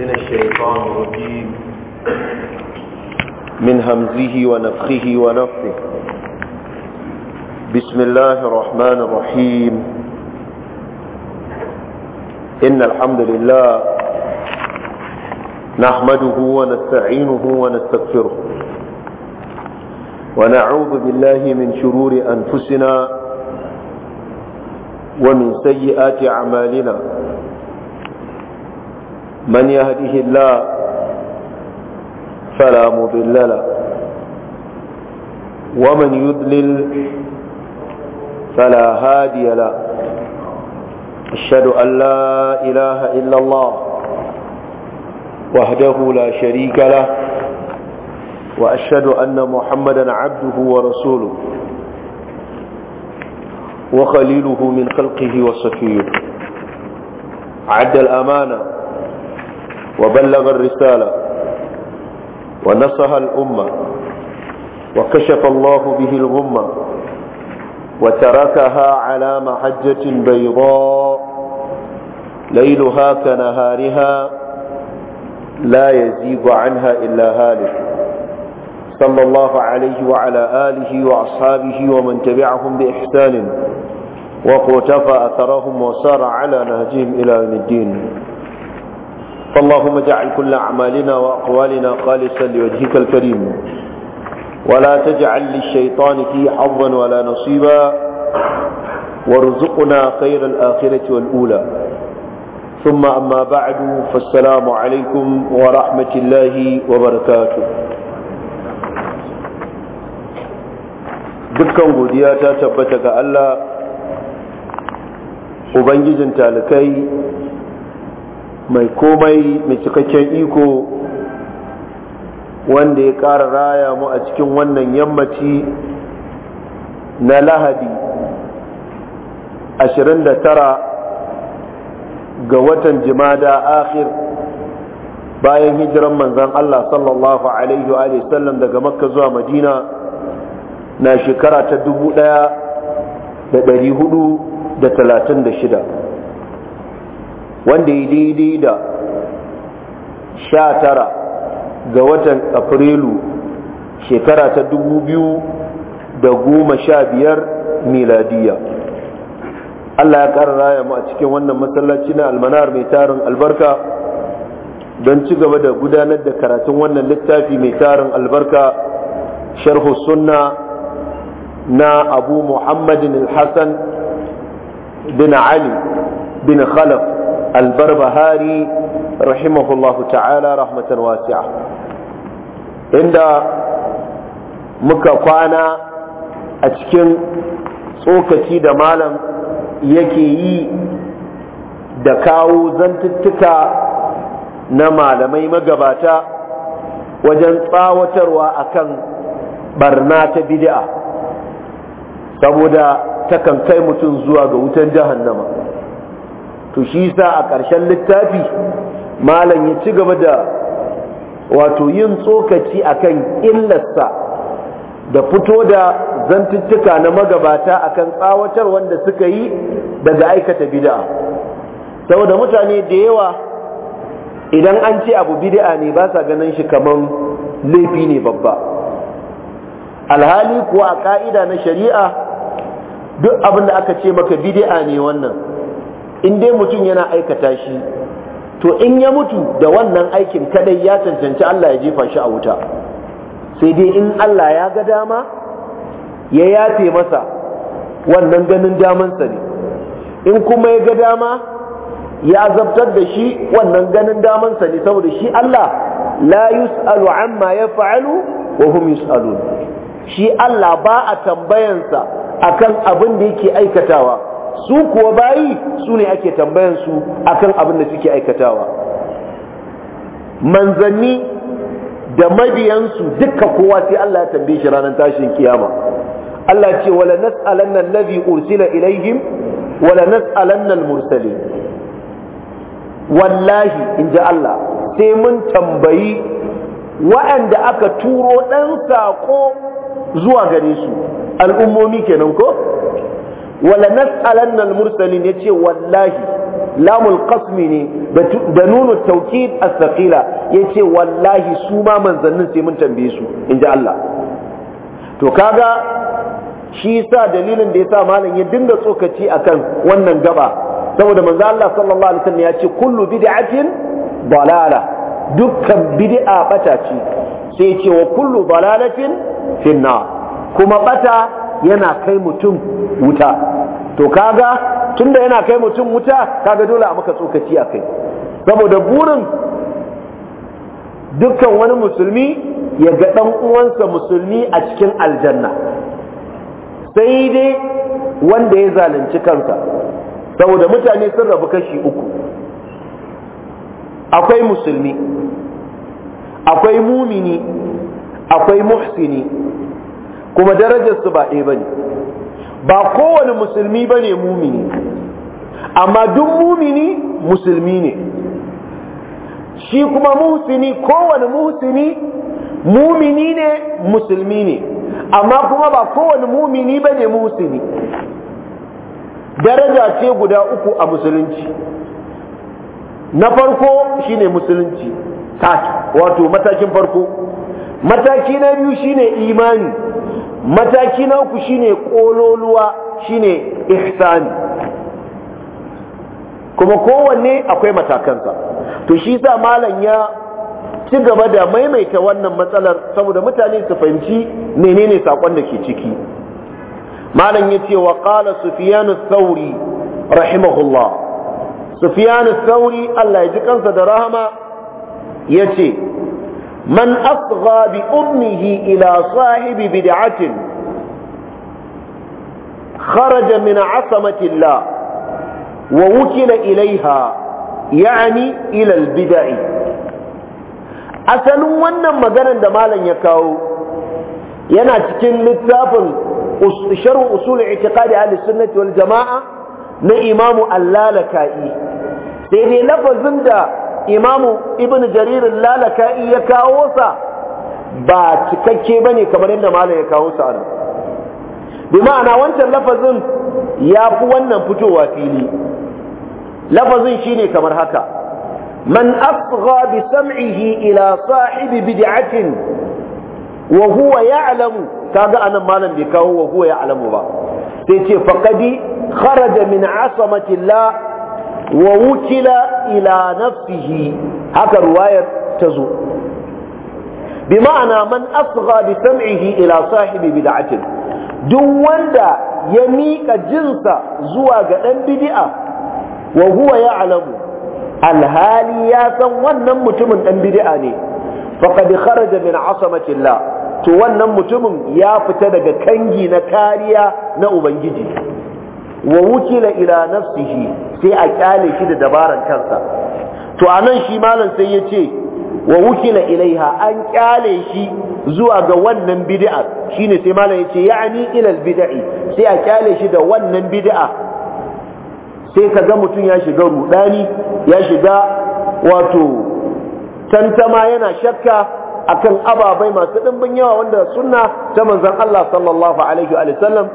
من الشيطان الرجيم من همزه ونفخه ونفخه بسم الله الرحمن الرحيم إن الحمد لله نحمده ونستعينه ونستغفره ونعوذ بالله من شرور أنفسنا ومن سيئات أعمالنا من يهده الله فلا مضل له ومن يضلل فلا هادي له أشهد أن لا إله إلا الله وحده لا شريك له وأشهد أن محمدا عبده ورسوله وخليله من خلقه وصفيه عد الأمانة وبلغ الرسالة ونصح الأمة وكشف الله به الغمة وتركها على محجة بيضاء ليلها كنهارها لا يزيغ عنها إلا هالك صلى الله عليه وعلى آله وأصحابه ومن تبعهم بإحسان وقتفى أثرهم وسار على نهجهم إلى الدين فاللهم اجعل كل أعمالنا وأقوالنا خالصا لوجهك الكريم ولا تجعل للشيطان فيه حظا ولا نصيبا وارزقنا خير الآخرة والأولى ثم أما بعد فالسلام عليكم ورحمة الله وبركاته dukkan godiya ta tabbata ga Allah Ubangijin talikai mai komai mai cikakken iko wanda ya ƙara raya mu a cikin wannan yammaci na lahadi 29 ga watan jimada akhir bayan hijiran manzan Allah sallallahu alaihi wa sallam daga makka zuwa madina na shekara ta 1436 wanda ya daidai da sha tara ga watan afrilu shekara ta dubu biyu da goma sha biyar miladiya Allah ya ƙara raya mu a cikin wannan matsalaci na almanar mai tarin albarka don ci gaba da gudanar da karatun wannan littafi mai tarin albarka sharhu sunna na abu muhammadin hassan bin ali bin khalaf albarbahari rahimahullahu ta'ala rahmatan wasi'a inda muka kwana a cikin tsokaci da malam yake yi da kawo zantuttuka na malamai magabata wajen tsawatarwa akan barna ta bid'a saboda takan kai mutum zuwa ga wutan jahannama to shi sa a ƙarshen littafi malam ya ci gaba da wato yin tsokaci akan illarsa da fito da zantuttuka na magabata akan tsawatar wanda suka yi daga aikata bid'a saboda mutane da yawa idan an ce abu bid'a ne ba sa ganin shi kamar laifi ne babba alhali kuwa a ka'ida na shari'a duk abin da aka ce maka bid'a ne wannan in dai mutum yana aikata shi to in ya mutu da wannan aikin kadai ya cancanci Allah ya jefa shi a wuta sai dai in Allah ya ga dama ya yafe masa wannan ganin damansa ne in kuma ya ga dama ya azabtar da shi wannan ganin damansa ne saboda shi Allah la yus'alu amma ya fa'alu wa hum yus'alun shi Allah ba a tambayansa akan abin da yake aikatawa su kuwa bayi su ne ake tambayan su kan abin da suke aikatawa manzanni da mabiyansu duka kowa sai Allah ya tambaye shi ranar tashin kiyama Allah ce wala nas'alanna allazi ursila ilaihim wala nas'alan al-mursalin wallahi in ji Allah sai mun tambayi wa'anda aka turo ɗan saƙo zuwa gare su al'ummomi kenan ko wala nas'alanna al-mursalin yace wallahi lamul qasmi ne da nunu tawkid as-saqila yace wallahi su ma manzannin sai mun tambaye su inji Allah to kaga shi sa dalilin da yasa malam ya dinga tsokaci akan wannan gaba saboda manzo Allah sallallahu alaihi wasallam yace kullu bid'atin dalala dukkan bid'a bata ce sai yace wa kullu dalalatin finna kuma bata yana kai mutum wuta to kaga tunda yana kai mutum wuta kaga dole a maka tsokaci a kai saboda burin dukkan wani musulmi ya ga ɗan uwansa musulmi a cikin aljanna sai dai wanda ya zalunci kansa saboda mutane sun rabu kashi uku akwai musulmi akwai mumini akwai muhsini kuma darajarsu ba ɗaya bane ba kowane musulmi bane mumini amma duk mumini musulmi ne shi kuma muhsini kowane muhsini mumini ne musulmi ne amma kuma ba kowane mumini bane muhsini daraja ce guda uku a musulunci na farko shine musulunci wato matakin farko mataki na biyu shine imani mataki na uku shine kololuwa shine ihsani kuma kowanne akwai matakansa to shi sa malam ya ci gaba da maimaita wannan matsalar saboda mutane su fahimci menene sakon da ke ciki malam ya ce wa qala sufiyanu sauri rahimahullah Sufiyanu sauri Allah ya ji kansa da rahama ya ce من أصغى بأمه إلى صاحب بدعة خرج من عصمة الله ووكل إليها يعني إلى البدع أسألوا أن مغانا دمالا يكاو ينا تكن للتافن أصول اعتقاد أهل السنة والجماعة نا إمام اللالكائي سيدي لفظ من imamu ibn jaririn lalaka ya kawo sa ba cikakke ba ne kamar yadda malam ya kawo sa nan bi ma'ana wancan lafazin ya fi wannan fitowa fili lafazin shine kamar haka man asgha bi sam'ihi ila sahibi bid'atin wa huwa ya'lamu kaga anan malam bai kawo wa huwa ya'lamu ba sai ce faqadi kharaja min asamati Allah wa wukila ila nafsihi haka ruwayar ta zo bi ma'ana man asgha bi sam'ihi ila sahibi bid'atin duk wanda ya mika jinsa zuwa ga dan bid'a wa huwa ya'lamu alhali ya san wannan mutumin dan bid'a ne faqad kharaja min 'asamati to wannan mutumin ya fita daga kangi na kariya na ubangiji wa wukila ila nafsihi sai a kyale shi da dabaran kansa to anan shi malam sai ya ce wa wukila ilaiha an kyale shi zuwa ga wannan bid'a shine sai malam ya ce ya'ni ila bid'i sai a kyale shi da wannan bid'a sai ka ga mutum ya shiga rudani ya shiga wato tantama yana shakka akan ababai masu dimbin yawa wanda sunna ta manzon Allah sallallahu alaihi wa sallam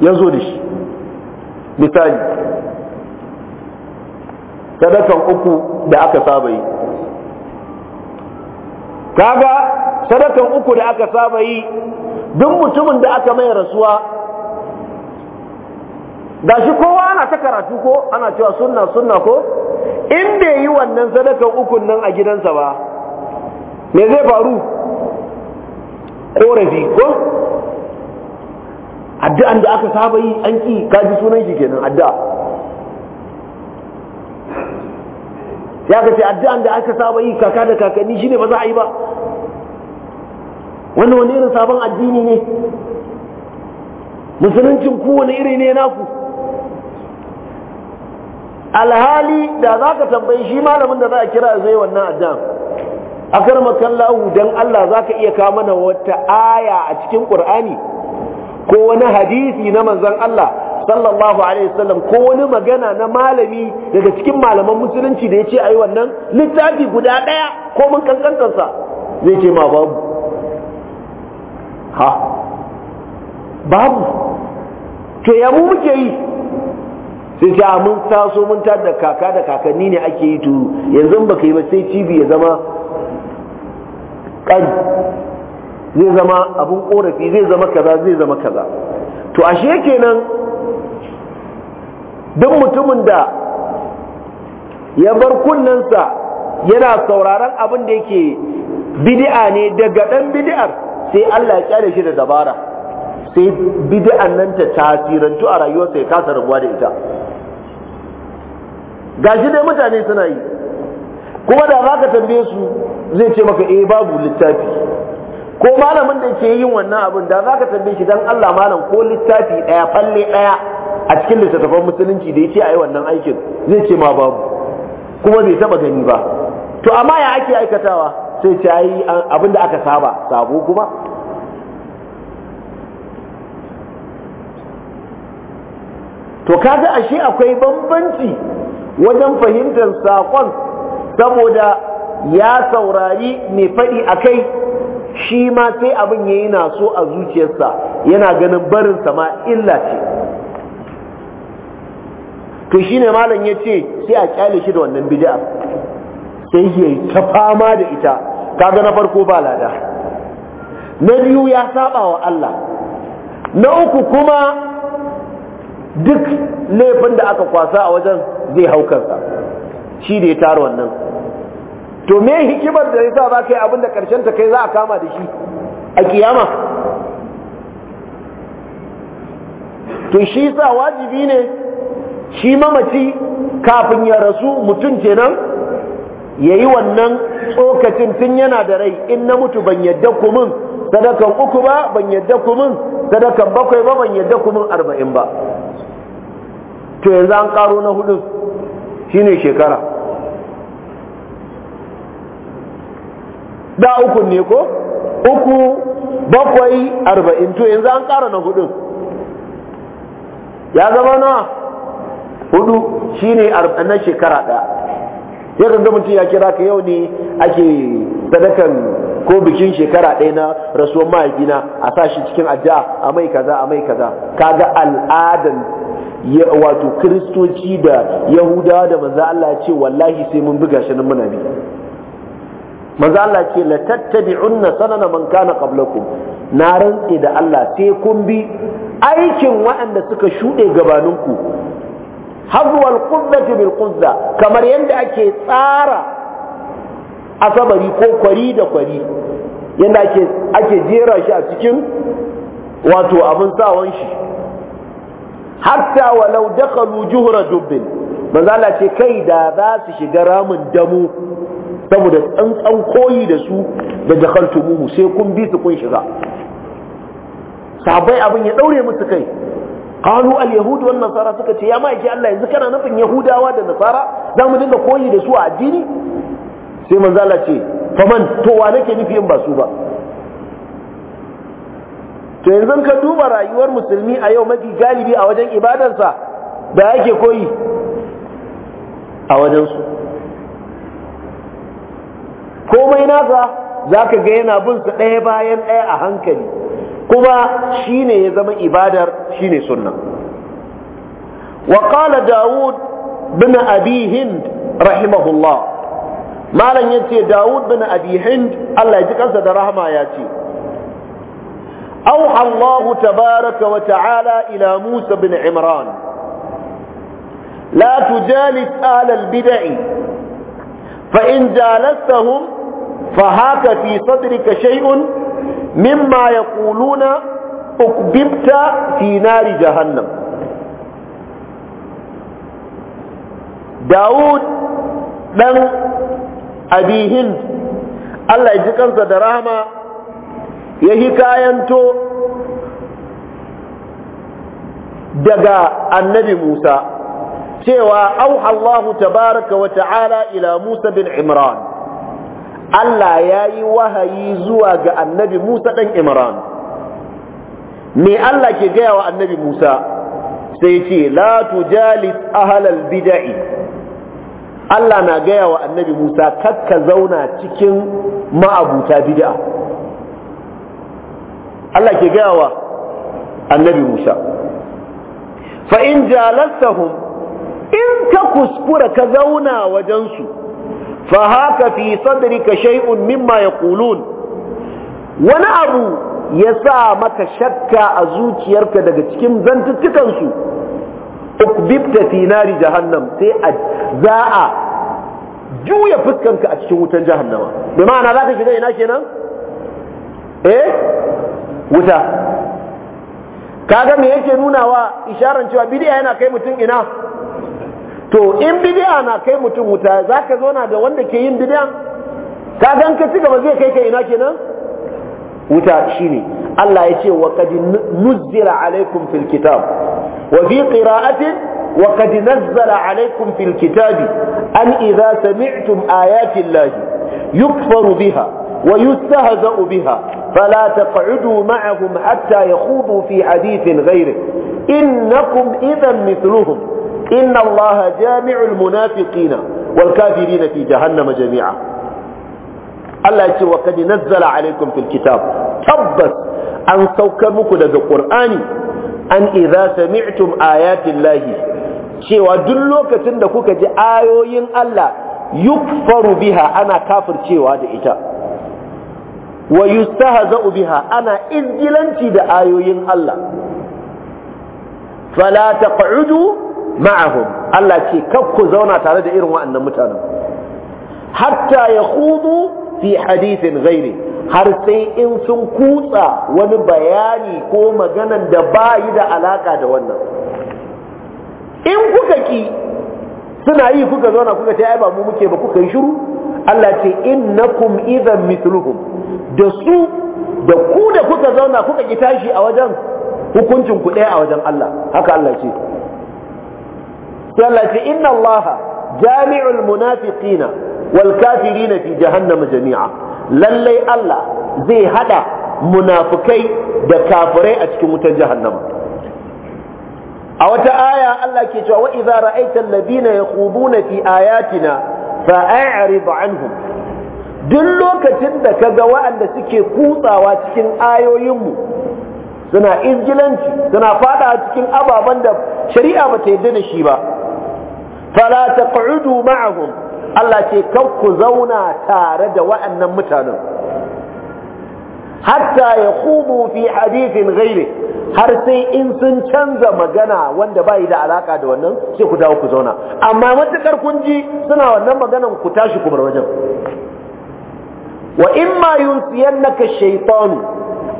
ya zo da shi misali sadakan uku da aka saba yi kaga sadakan uku da aka saba yi duk mutumin da aka mai rasuwa da shi kowa ana ta karatu ko ana cewa sunna sunna ko in bai yi wannan sadakan ukun nan a gidansa ba me zai faru korafi ko addu'an da aka saba yi an ki kaji sunan shi kenan addu'a ya ka ce addu'an da aka saba yi kaka da kakanni shine ba za a yi ba wannan wani irin sabon addini ne musuluncin kowane iri ne naku alhali da za ka tambayi shi malamin da za a kira zai wannan addu'an akar makallahu dan Allah za ka iya kawo mana wata aya a cikin Qur'ani ko wani hadisi na manzon Allah sallallahu alaihi wasallam ko wani magana na malami daga cikin malaman musulunci da yace ayi wannan littafi guda daya ko mun sa zai ce ma babu ha babu to ya mu muke yi sai ce mun taso mun tar da kaka da kakanni ne ake yi to yanzu baka yi ba sai cibi ya zama kan zai zama abin korafi zai zama kaza zai zama kaza to ashe kenan duk mutumin da ya bar kunnensa yana sauraron abin da yake bidi'a ne daga dan bidi'ar sai Allah ya kyale shi da dabara sai bidi'an nan ta tasirantu a rayuwarsa ya kasa rabuwa da ita gashi dai mutane suna yi kuma da za ka tambaye su zai ce maka eh babu littafi ko malamin da ke yin wannan abin da za ka tambaye shi dan Allah malam ko littafi ɗaya falle ɗaya a cikin littattafan musulunci da ya ce a yi wannan aikin zai ce ma babu kuma bai taba gani ba to amma ya ake aikatawa sai ce yi abin da aka saba sabo kuma to kaga ashe akwai bambanci wajen fahimtar saƙon saboda ya saurari mai faɗi a kai shi ma sai abin yayi na so a zuciyarsa yana ganin barinsa ma illa ce to ne malam ya ce sai a kyale shi da wannan bid'a sai ya ta fama da ita kaga na farko ba lada na biyu ya saba wa Allah na uku kuma duk laifin da aka kwasa a wajen zai haukarsa shi da ya tara wannan to me hikimar da ya za ka yi abin da karshen ta kai za a kama da shi a kiyama to shi sa wajibi ne shi mamaci kafin ya rasu mutum kenan ya yi wannan tsokacin tun yana da rai in na mutu ban yadda kumin sadakan uku ba ban yadda kumin sadakan bakwai ba ban yadda kumin arba'in ba to yanzu an karo na hudu shine shekara da uku ne ko uku bakwai arba'in to yanzu an ƙara na hudun ya zama na hudu shine na shekara ɗaya ya ga mutum ya kira ka yau ne ake sadakan ko bikin shekara ɗaya na rasuwar mahaifina a sa shi cikin addu'a a mai kaza a mai kaza kaga al'adan wato kiristoci da yahudawa da manzo Allah ya ce wallahi sai mun buga shi nan muna bi manzo Allah ce la tattabi'unna sanana man kana qablakum na rantse da Allah sai kun bi aikin waɗanda suka shuɗe gabaninku hazwal qudda bil qudda kamar yadda ake tsara asabari ko kwari da kwari yadda ake ake jera shi a cikin wato abin sawan shi hatta walau dakhalu juhra dubbin manzo Allah ce kai da za su shiga ramin damu saboda an koyi da su da dakhaltumuhu sai kun bi su kun shiga sabai abin ya daure musu kai qalu al yahud wan nasara suka ce ya ma yake Allah yanzu kana nufin yahudawa da nasara za mu dinga koyi da su a addini sai manzo Allah ce faman to wa nake nufi in ba su ba to yanzu ka duba rayuwar musulmi a yau mafi galibi a wajen ibadarsa da yake koyi a su. komai nasa zaka ga yana bin ɗaya bayan ɗaya a hankali kuma ne ya zama ibadar shine sunna wa qala daud bin abi hind rahimahullah malam yace Dawud bin abi hind Allah ya ji kansa da rahama ya ce أوحى الله تبارك وتعالى إلى موسى بن عمران لا تجالس أهل البدع فإن جالستهم فهاك في صدرك شيء مما يقولون أكببت في نار جهنم داود دن أبي هند الله يجيكم صدرهما يهيكا ينتو دقا النبي موسى cewa auha Allah tabaraka wa ta'ala ila Musa bin Imran Allah ya yi wahayi zuwa ga annabi Musa ɗan Imran. Me Allah ke gaya wa annabi Musa sai ce, La tujalis ahalal bida'i. Allah na gaya wa annabi Musa kakka zauna cikin ma'abuta bid'a. Allah ke gaya wa annabi Musa. Fa in jalastahum in ka kuskura ka zauna wajensu. su fa haka fi sadrika shay'un mimma yaqulun wani abu ya sa maka shakka a zuciyarka daga cikin zantuttukansu. su ukbibta fi nari jahannam sai a za a juya fuskanka a cikin wutan jahannama bi ma'ana za ka shiga ina kenan eh wuta kaga me yake nuna wa isharar cewa bidiyo yana kai mutum ina to in bid'a na kai mutum wuta zaka ka zauna da wanda ke yin bid'a ka gan ka cigaba zai kai kai ina kenan wuta shine Allah ya ce wa qad nuzzila alaikum fil kitab wa fi qira'ati wa qad nazzala alaikum fil kitab an idha sami'tum ayati llahi yukfaru biha wa yustahza'u biha فلا تقعدوا معهم حتى يخوضوا في حديث غيره إنكم إذا مثلهم inna allaha jami'ul munafiqina wal kafirina fi jahannama jami'a Allah ya ce wa kad nazzala alaikum fil tabbas an saukar muku daga Ƙur'ani an idza sami'tum ayati llahi cewa duk lokacin da kuka ji ayoyin Allah yukfaru biha ana kafircewa da ita wa yustahza'u biha ana izgilanci da ayoyin Allah fala taq'udu ma'ahum Allah ce ku zauna tare da irin wa'annan mutanen hatta ya hudu fi hadithin gairi har sai in sun kutsa wani bayani ko maganan da ba yi da alaka da wannan in kuka ki suna yi kuka zauna kuka ta ba mu muke ba kuka yi shiru Allah ce innakum idan mithluhum da su da ku da kuka zauna kuka ki tashi a wajen hukuncin ku ɗaya a wajen Allah haka Allah ce sai Allah ce jami'ul munafiqina wal kafirina fi jahannama jami'a lallai Allah zai haɗa munafukai da kafirai a cikin wutar jahannama a wata aya Allah ke cewa wa idza ra'aita alladhina yakhuduna fi ayatina fa'rid anhum duk lokacin da ka ga waɗanda suke kutsawa cikin ayoyinmu suna injilanci suna fada cikin ababen da shari'a ba ta yarda da shi ba fala taq'udu ma'ahum Allah ce kan ku zauna tare da wa'annan mutanen hatta yakhudu fi hadithin ghairi har sai in sun canza magana wanda bai da alaka da wannan sai ku dawo ku zauna amma matakar kun ji suna wannan maganan ku tashi ku bar wajen wa ma yunsiyannaka shaytan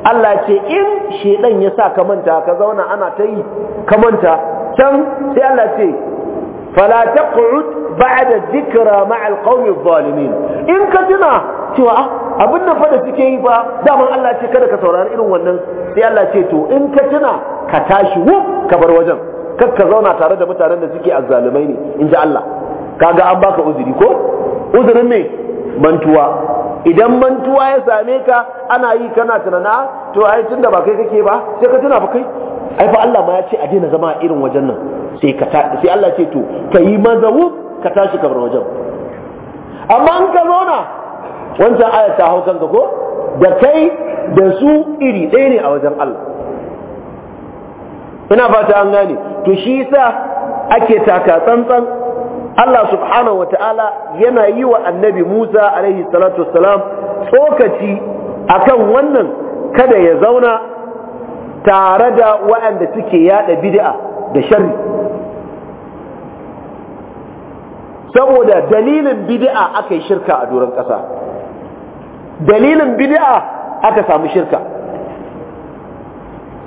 Allah ce in shedan ya sa ka manta ka zauna ana ta yi ka manta can sai Allah ce fala taq'ud ba'da dhikra ma'a alqawmi adh-dhalimin in ka tuna cewa abin nan fa suke yi fa daman Allah ce kada ka saurari irin wannan sai Allah ce to in ka tuna ka tashi wuf ka bar wajen kar ka zauna tare da mutanen da suke azzalumai ne in ji Allah kaga an baka uzuri ko uzurin ne mantuwa idan mantuwa ya same ka ana yi kana tunana to ai tunda ba kai kake ba sai ka tuna ba kai ai fa Allah ma ya ce a daina zama a irin wajen nan sai ka sai Allah ce to ka yi mazawu ka tashi ka bar wajen amma in ka zauna wancan ayar ta hausan ka ko da kai da su iri ɗaya ne a wajen Allah ina fata an gane to shi yasa ake taka tsantsan Allah subhanahu ta'ala yana yi wa annabi Musa alaihi salatu wassalam tsokaci akan wannan kada ya zauna tare da waɗanda suke yada bid'a da sharri saboda dalilin bid'a aka yi shirka a doron ƙasa dalilin bid'a aka samu shirka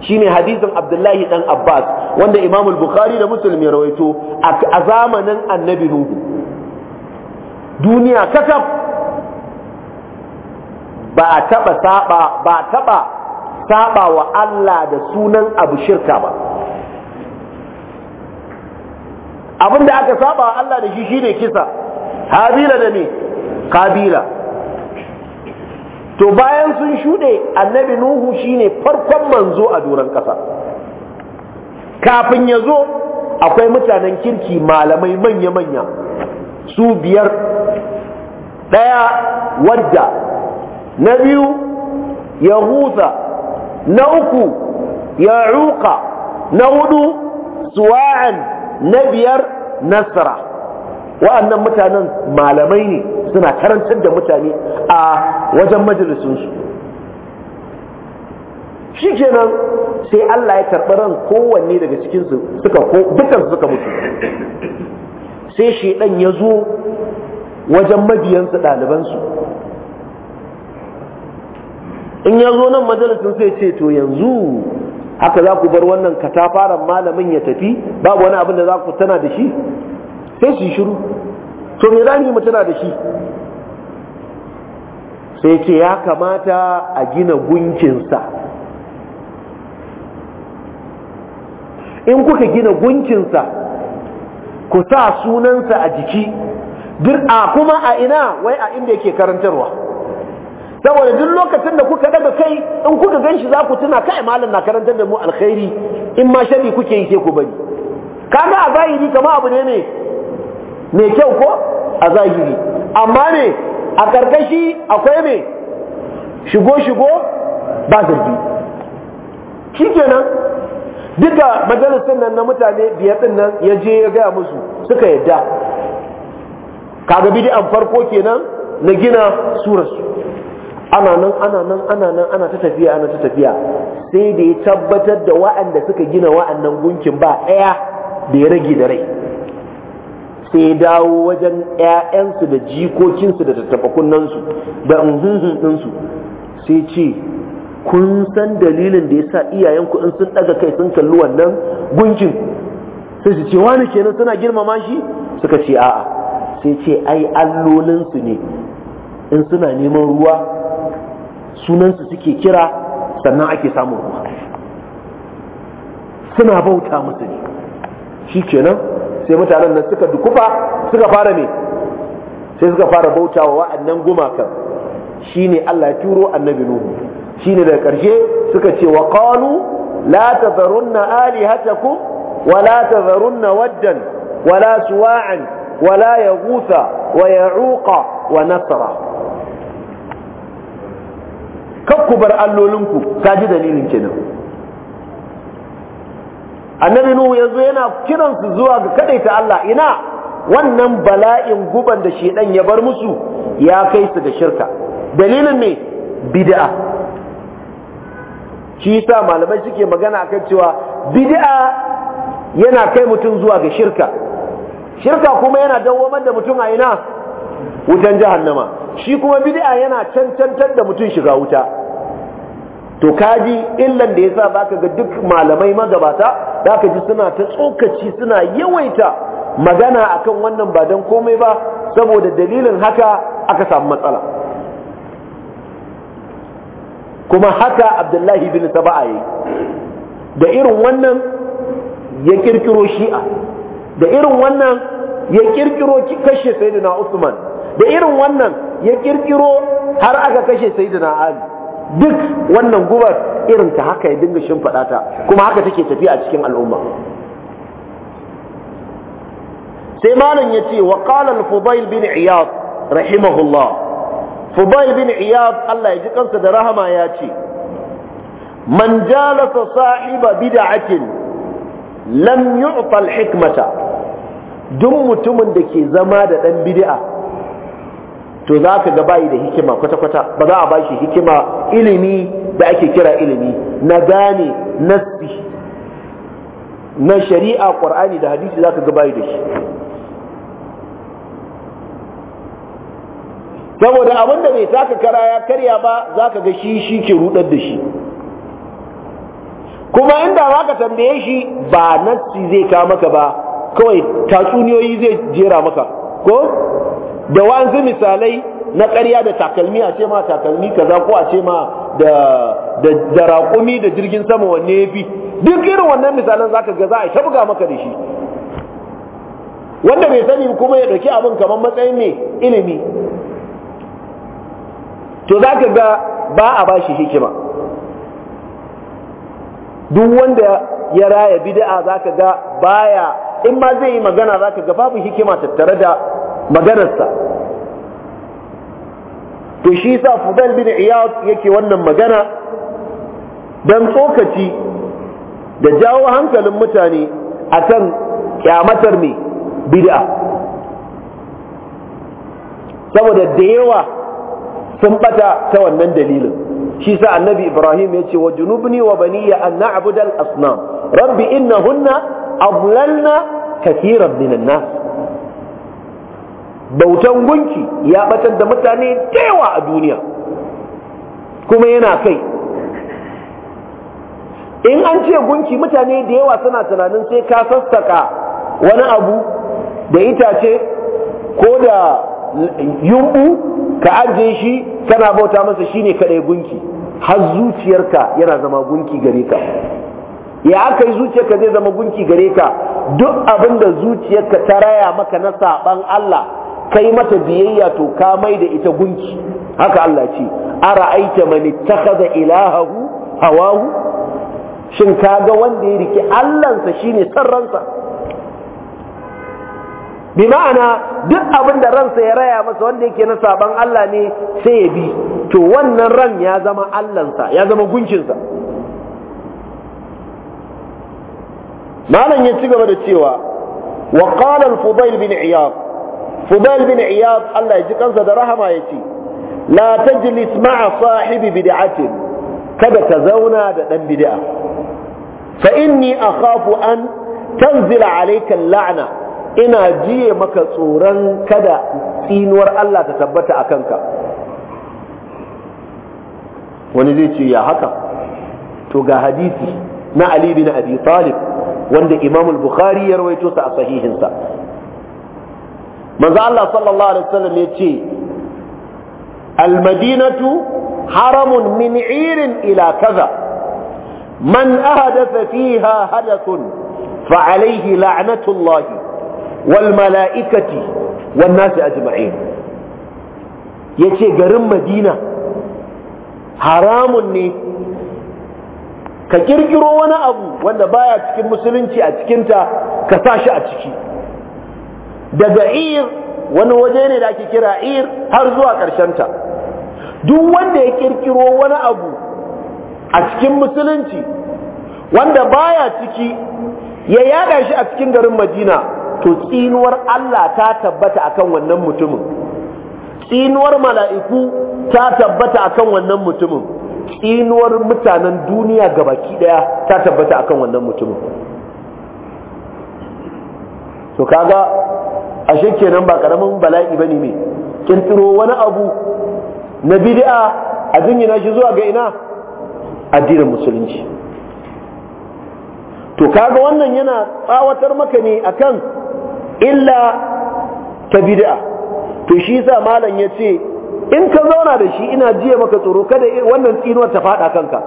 shine hadisin abdullahi dan abbas wanda imamul bukhari da muslim ya rawaito a zamanin annabi nuhu duniya kasaf ba a taba saba ba a taba saba wa Allah da sunan abu shirka ba abin da aka saba wa Allah da shi shine kisa habila da me kabila to bayan sun shuɗe annabi nuhu shine farkon manzo a doron ƙasa kafin ya zo akwai mutanen kirki malamai manya-manya su biyar ɗaya wadda na biyu yahusa na uku ya ruka na hudu suwa'an na biyar nasara wa'annan mutanen malamai ne suna karantar da mutane a wajen majalisunsu shi kenan sai Allah ya karɓi ran kowanne daga cikinsu suka ko dukansu suka mutu sai shi ɗan ya zo wajen mabiyansu ɗalibansu in ya zo nan majalisin sai ce to yanzu haka za ku bar wannan katafaren malamin ya tafi babu wani abin da za ku tana da shi sai su shiru to me za mu tana da shi sai ce ya kamata a gina gunkinsa in kuka gina gunkinsa ku sa sunansa a jiki duk a kuma a ina wai a inda yake karantarwa saboda duk lokacin da kuka daga kai in kuka gan shi za ku tuna kai malam na karantar da mu alkhairi in ma sharri kuke yi sai ku bari kaga a zahiri kama abu ne ne mai kyau ko a zahiri amma ne a karkashi akwai ne shigo shigo ba zargi shikenan duka majalisar nan na mutane biyar din nan ya je ya gaya musu suka yadda kaga bidi an farko kenan na gina surarsu ana nan ana nan ana nan ana ta tafiya ana ta tafiya sai da ya tabbatar da wa'anda suka gina wa'annan gunkin ba ɗaya da ya rage da rai sai ya dawo wajen 'ya'yansu da jikokinsu da tattafakunnansu da unhunhun ɗinsu sai ce kun san dalilin da ya sa iyayenku in sun ɗaga kai sun kalli wannan gunkin sai su ce wani kenan suna girmama shi suka ce a'a sai ce ai allolinsu ne in suna neman ruwa sunansu suke kira sannan ake samun ruwa suna bauta musu ne shi kenan sai mutanen nan suka dukufa suka fara ne sai suka fara bauta wa wa'annan gumakan shine Allah ya turo annabi Nuhu shine daga ƙarshe suka ce wa qalu la tadharunna alihatakum wa la na waddan wa la suwa'an wa la yaghutha wa ya'uqa wa nasara? kar ku bar allolinku ka ji dalilin kenan annabi nuhu yanzu yana kiransu zuwa ga kadaita Allah ina wannan bala'in guban da shedan ya bar musu ya kai su da shirka dalilin ne bid'a shi yasa malamai suke magana akan cewa bid'a yana kai mutum zuwa ga shirka shirka kuma yana dawo da mutum a ina wutan jahannama shi kuma bid'a yana cancantar da mutum shiga wuta to kaji illan da yasa baka ga duk malamai magabata zaka ji suna ta tsokaci suna yawaita magana akan wannan ba dan komai ba saboda dalilin haka aka samu matsala kuma haka abdullahi bin saba'a yi da irin wannan ya kirkiro shi'a da irin wannan ya kirkiro kashe sayyidina usman da irin wannan ya kirkiro har aka kashe sai da duk wannan gubar irin ta haka ya dinga shimfiɗa ta kuma haka take tafiya a cikin al'umma sai malam ya ce wa qala al-fudail bin iyad rahimahullah fudail bin iyad Allah ya ji kansa da rahama ya ce man jalasa sahiba bid'atin lam yu'ta al-hikmata duk mutumin da ke zama da dan bid'a to za ka ga bayi da hikima kwata-kwata ba za a ba shi hikima ilimi da ake kira ilimi na gane nasbi na shari'a ƙwar'ani da hadisi za ka ga bayi da shi saboda abin da bai taka kara ya karya ba za ka ga shi shi ke rudar da shi kuma inda za ka tambaye shi ba nasi zai ka maka ba kawai tatsuniyoyi zai jera maka ko da wanzu misalai na ƙarya da takalmi a ce ma takalmi kaza ko a ce ma da raƙumi da jirgin sama wanne ya fi duk irin wannan misalan ka ga za a ta buga maka da shi wanda bai sani kuma ya ɗauki abin kamar matsayin ne ilimi to za ka ga ba a bashi hikima duk wanda ya raya bid'a za ka ga baya in ma zai yi magana zaka ga babu hikima tattare da maganarsa to shi sa fudal bin iyad yake wannan magana don tsokaci da jawo hankalin mutane akan kyamatar mai bid'a saboda da yawa sun bata ta wannan dalilin shi sa annabi ibrahim ya ce wa junubni wa baniya an na'budal asnam rabbi innahunna adlalna kathiran minan nas bautan gunki ya batar da mutane da yawa a duniya kuma yana kai in an ce gunki mutane da yawa suna tunanin sai ka sassaka wani abu da itace ko da yumbu ka ajiye shi kana bauta masa shine kadai gunki har zuciyarka yana zama gunki gare ka ya aka yi zuciyarka zai zama gunki gare ka duk abin da zuciyarka ta raya maka na saban Allah kai mata biyayya to ka mai da ita gunki haka Allah ce ara'aita man ittakhadha ilahahu hawahu shin kaga wanda ya riki Allansa shine ransa. bi ma'ana duk abin da ransa ya raya masa wanda yake na saban Allah ne sai ya bi to wannan ran ya zama allansa ya zama gunkinsa malam ya ci gaba da cewa wa qala al bin fubal bin iyad Allah ya ji kansa da rahama ya ce la tajlis ma'a sahibi bid'atin kada ka zauna da dan bid'a fa inni akhafu an tanzila alayka la'na ina jiye maka tsoron kada tsinuwar Allah ta tabbata akan ka wani zai ce ya haka to ga hadisi na Ali bin Abi Talib wanda Imam al-Bukhari ya rawaito sa a sahihinsa manzo Allah sallallahu alaihi wasallam ya ce almadinatu haramun min irin ila kaza man ahadatha fiha hadathun fa alaihi la'natullahi wal mala'ikati wan nasi ajma'in yace garin madina haramun ne ka kirkiro wani abu wanda baya cikin musulunci a cikinta ka sa shi a ciki daga ir wani waje ne da ake kira ir har zuwa ta. duk wanda ya kirkiro wani abu a cikin musulunci wanda baya ciki ya yada shi a cikin garin madina to tsinuwar Allah ta tabbata akan wannan mutumin tsinuwar mala'iku ta tabbata akan wannan mutumin tsinuwar mutanen duniya baki daya ta tabbata akan wannan mutumin to kaga ashe kenan ba karamin bala'i bane ne kirkiro wani abu na bid'a a jingina shi zuwa ga ina addinin musulunci to kaga wannan yana tsawatar maka ne akan illa ta bid'a to shi yasa malam yace in ka zauna da shi ina jiya maka tsoro kada wannan tsinuwar ta fada kanka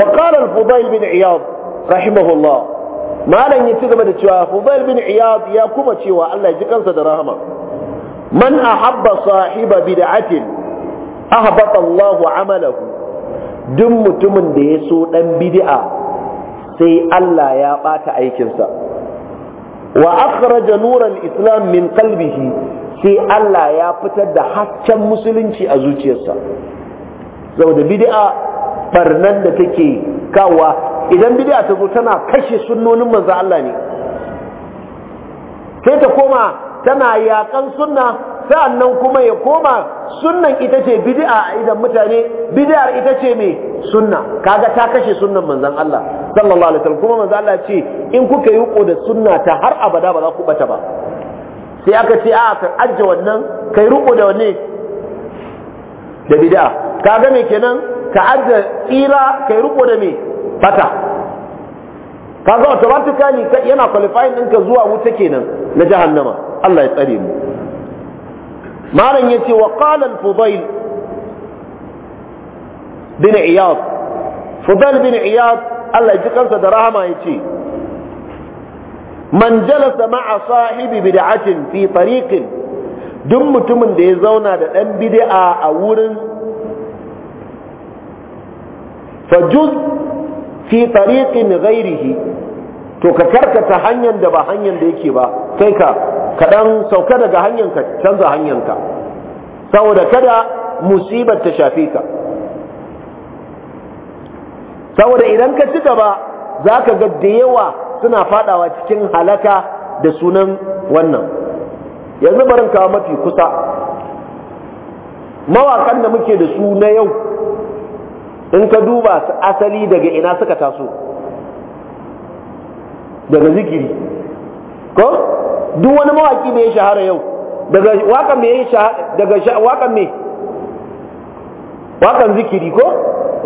wa qala al-fudail bin iyad rahimahullah malam ya ci gaba da cewa Fudail bin Iyad ya kuma cewa Allah ya ji kansa da rahama man ahabba sahiba bid'atin ahbata Allahu amalahu duk mutumin da ya so dan bid'a sai Allah ya bata aikinsa wa akhraja nuran islam min qalbihi sai Allah ya fitar da haccen musulunci a zuciyarsa saboda bid'a farnan da take kawa idan bid'a ta zo tana kashe sunnonin manzo Allah ne sai ta koma tana yakan sunna sa'annan kuma ya koma sunnan ita ce bid'a a idan mutane bid'ar ita ce mai sunna kaga ta kashe sunnan manzon Allah sallallahu alaihi wasallam kuma manzan Allah ce in kuka yi ko da sunna ta har abada ba za ku bata ba sai aka ce a ka ajje wannan kai riko da wanne da bid'a kaga me kenan ka ajje tsira kai riko da me bata kaga automatically yana qualifying ɗinka zuwa wuta kenan na jahannama Allah ya tsare mu malam yace wa qala al-fudail bin iyad fudail bin iyad Allah ya ji kansa da rahama yace man jalasa ma'a sahibi bid'atin fi tariqin duk mutumin da ya zauna da dan bid'a a wurin fajuz fi tariqin ghairihi to ka karkata hanyar da ba hanyar da yake ba kai ka kaɗan sauka daga hanyar ka canza hanyar ka saboda kada musibar ta shafe ka saboda idan ka ci gaba za ka ga da yawa suna fadawa cikin halaka da sunan wannan yanzu barin kawo mafi kusa mawakan da muke da su na yau in ka duba su asali daga ina suka taso daga zikiri ko duk wani mawaki mai shahara yau daga wakan shahara daga wakan mai wakan zikiri ko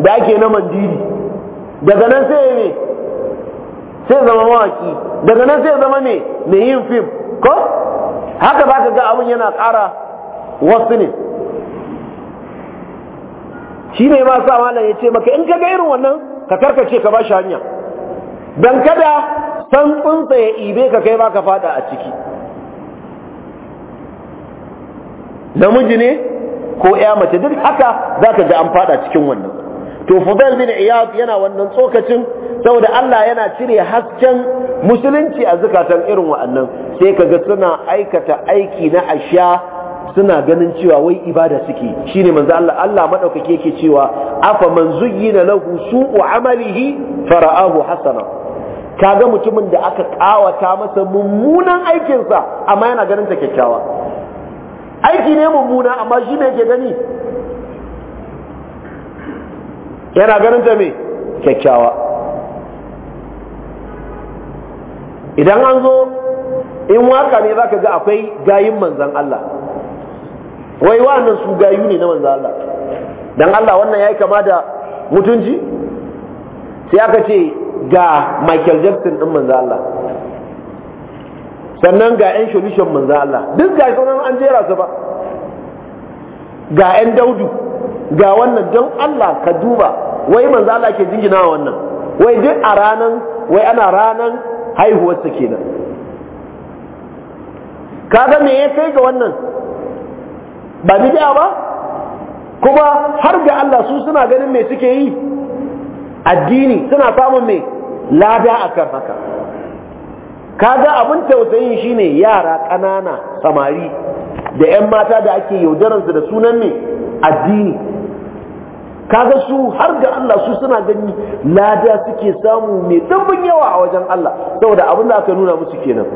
da ake na mandiri daga nan sai me sai zama mawaki daga nan sai zama me mai yin fim ko haka ba ka ga abun yana ƙara wasu ne shi ne ma sa malam ya ce maka in ka ga irin wannan ka karkace ka ba shi hanya don kada san tsuntsa ya ibe ka kai ba ka fada a ciki namiji ne ko ya mace duk haka za ka ga an fada cikin wannan to fudal bin iyad yana wannan tsokacin saboda Allah yana cire hasken musulunci a zukatan irin wa'annan sai ka ga suna aikata aiki na asha suna ganin cewa wai ibada suke shine manzo Allah Allah madaukake yake cewa afa man zuyyina lahu su'u amalihi fara'ahu hasana kaga mutumin da aka kawata masa mummunan aikinsa amma yana ganin ta kyakkyawa aiki ne mummuna amma shi ne yake gani yana ganin ta me kyakkyawa idan an zo in waka ne zaka ga akwai gayin manzon Allah wai wa'annan su gayu ne na manzo Allah dan Allah wannan yayi kama da mutunci sai aka ce ga Michael Jackson din manzo Allah sannan ga yan solution manzo Allah duk ga sunan an jera su ba ga yan daudu ga wannan don Allah ka duba wai manzo Allah ke jingina wannan wai duk a ranan wai ana ranan haihuwarsa kenan kaga me ya kai ga wannan ba bid'a ba kuma har ga Allah su suna ganin me suke yi addini suna samun me lada akan haka kaga abin tausayin shine yara ƙanana samari da ƴan mata da ake yaudaransu da sunan me addini kaga su har ga Allah su suna gani lada suke samu mai dimbin yawa a wajen Allah saboda abin da aka nuna musu kenan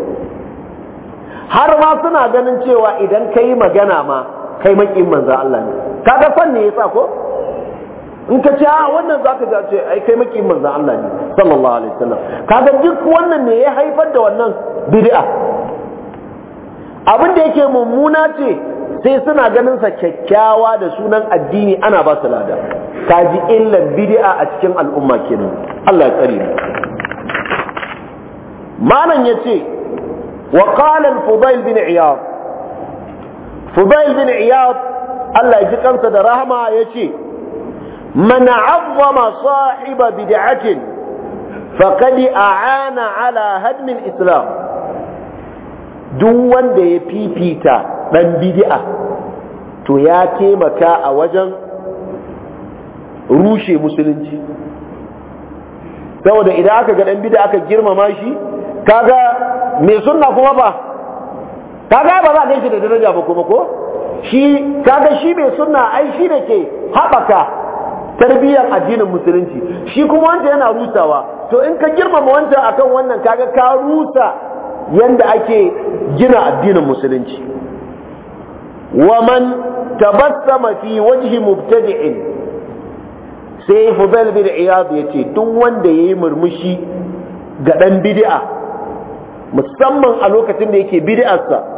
har ma suna ganin cewa idan ka yi magana ma kai makin manzan Allah ne kaga son ne yasa ko in ka ce a ah, wannan za ka ga ce ai kai makin manzan Allah ne sallallahu alaihi wasallam kaga duk wannan ne ya haifar da wannan bid'a abin da yake mummuna ce sai suna ganin sa kyakkyawa da sunan addini ana ba su lada kaji illan bid'a a cikin al'umma kenan Allah ya tsare mu malam yace wa qala al-fudail bin iyad Fubail bin iyad Allah ya ji kansa da rahama ya ce man azzama sahiba bid'atin faqad a'ana ala hadmin islam duk wanda ya fifita dan bid'a to ya taimaka a wajen rushe musulunci saboda idan aka ga dan bid'a aka girmama shi kaga me sunna kuma ba kaga ba za a ganshi da daraja ba kuma ko shi kaga shi mai sunna ai shi da ke haɓaka tarbiyyar addinin musulunci shi kuma wanda yana rusawa to in ka girmama wancan akan wannan kaga ka rusa yanda ake gina addinin musulunci waman man tabassama fi wajhi mubtadi'in sai Fudail bin Iyad yace duk wanda yayi murmushi ga dan bid'a musamman a lokacin da yake bid'arsa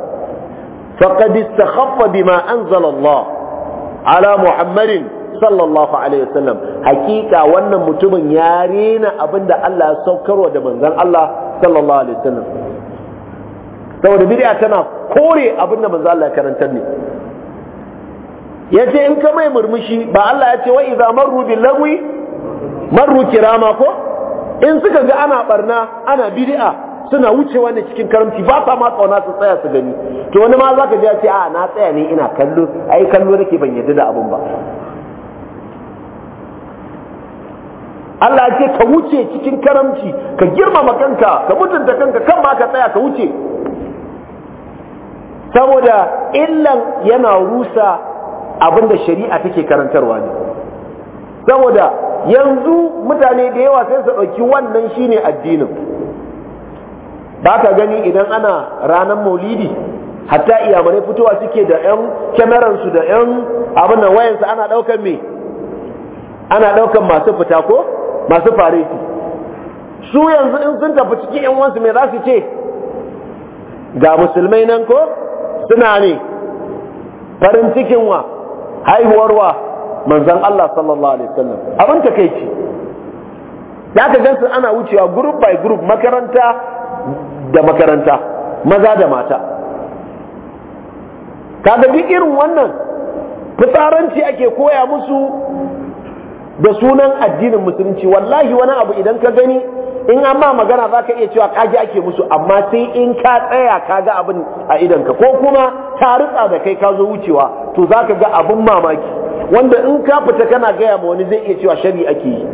faqad istakhaffa bima anzala Allah ala Muhammadin sallallahu alaihi wasallam hakika wannan mutumin yarena rena abinda Allah ya saukarwa da manzon Allah sallallahu alaihi wasallam saboda bid'a tana kore abinda manzon ya karantar ne yace in ka mai murmushi ba Allah ya ce wa idza marru bil lagwi marru kirama ko in suka ga ana barna ana bid'a suna wucewa ne cikin karamci ba sa ma su tsaya su gani to wani ma zaka ji a ce a na tsaya ne ina kallo ai kallo nake ban yarda da abun ba Allah ya ce ka wuce cikin karamci ka girmama kanka ka mutunta kanka kan ba ka tsaya ka wuce saboda illan yana rusa abin da shari'a take karantarwa ne saboda yanzu mutane da yawa sai su ɗauki wannan shine addinin ba ka gani idan ana ranar maulidi hatta iyamarai fitowa suke da 'yan kyamaransu da 'yan abin nan wayansu ana ɗaukan me ana ɗaukan masu fita ko masu fareti su yanzu in sun tafi cikin 'yan wansu mai za su ce ga musulmai nan ko suna ne farin cikin wa haihuwar wa manzan Allah sallallahu alaihi wasallam abin ce ya ka gansu ana wucewa group by group makaranta da makaranta maza da mata kaga duk irin wannan fitsaranci ake koya musu da sunan addinin musulunci wallahi wani abu idan ka gani in an ma magana za ka iya cewa kaji ake musu amma sai in ka tsaya ka ga abin a idanka ko kuma ta ritsa da kai ka zo wucewa to za ka ga abin mamaki wanda in ka fita kana gaya ma wani zai iya cewa shari ake yi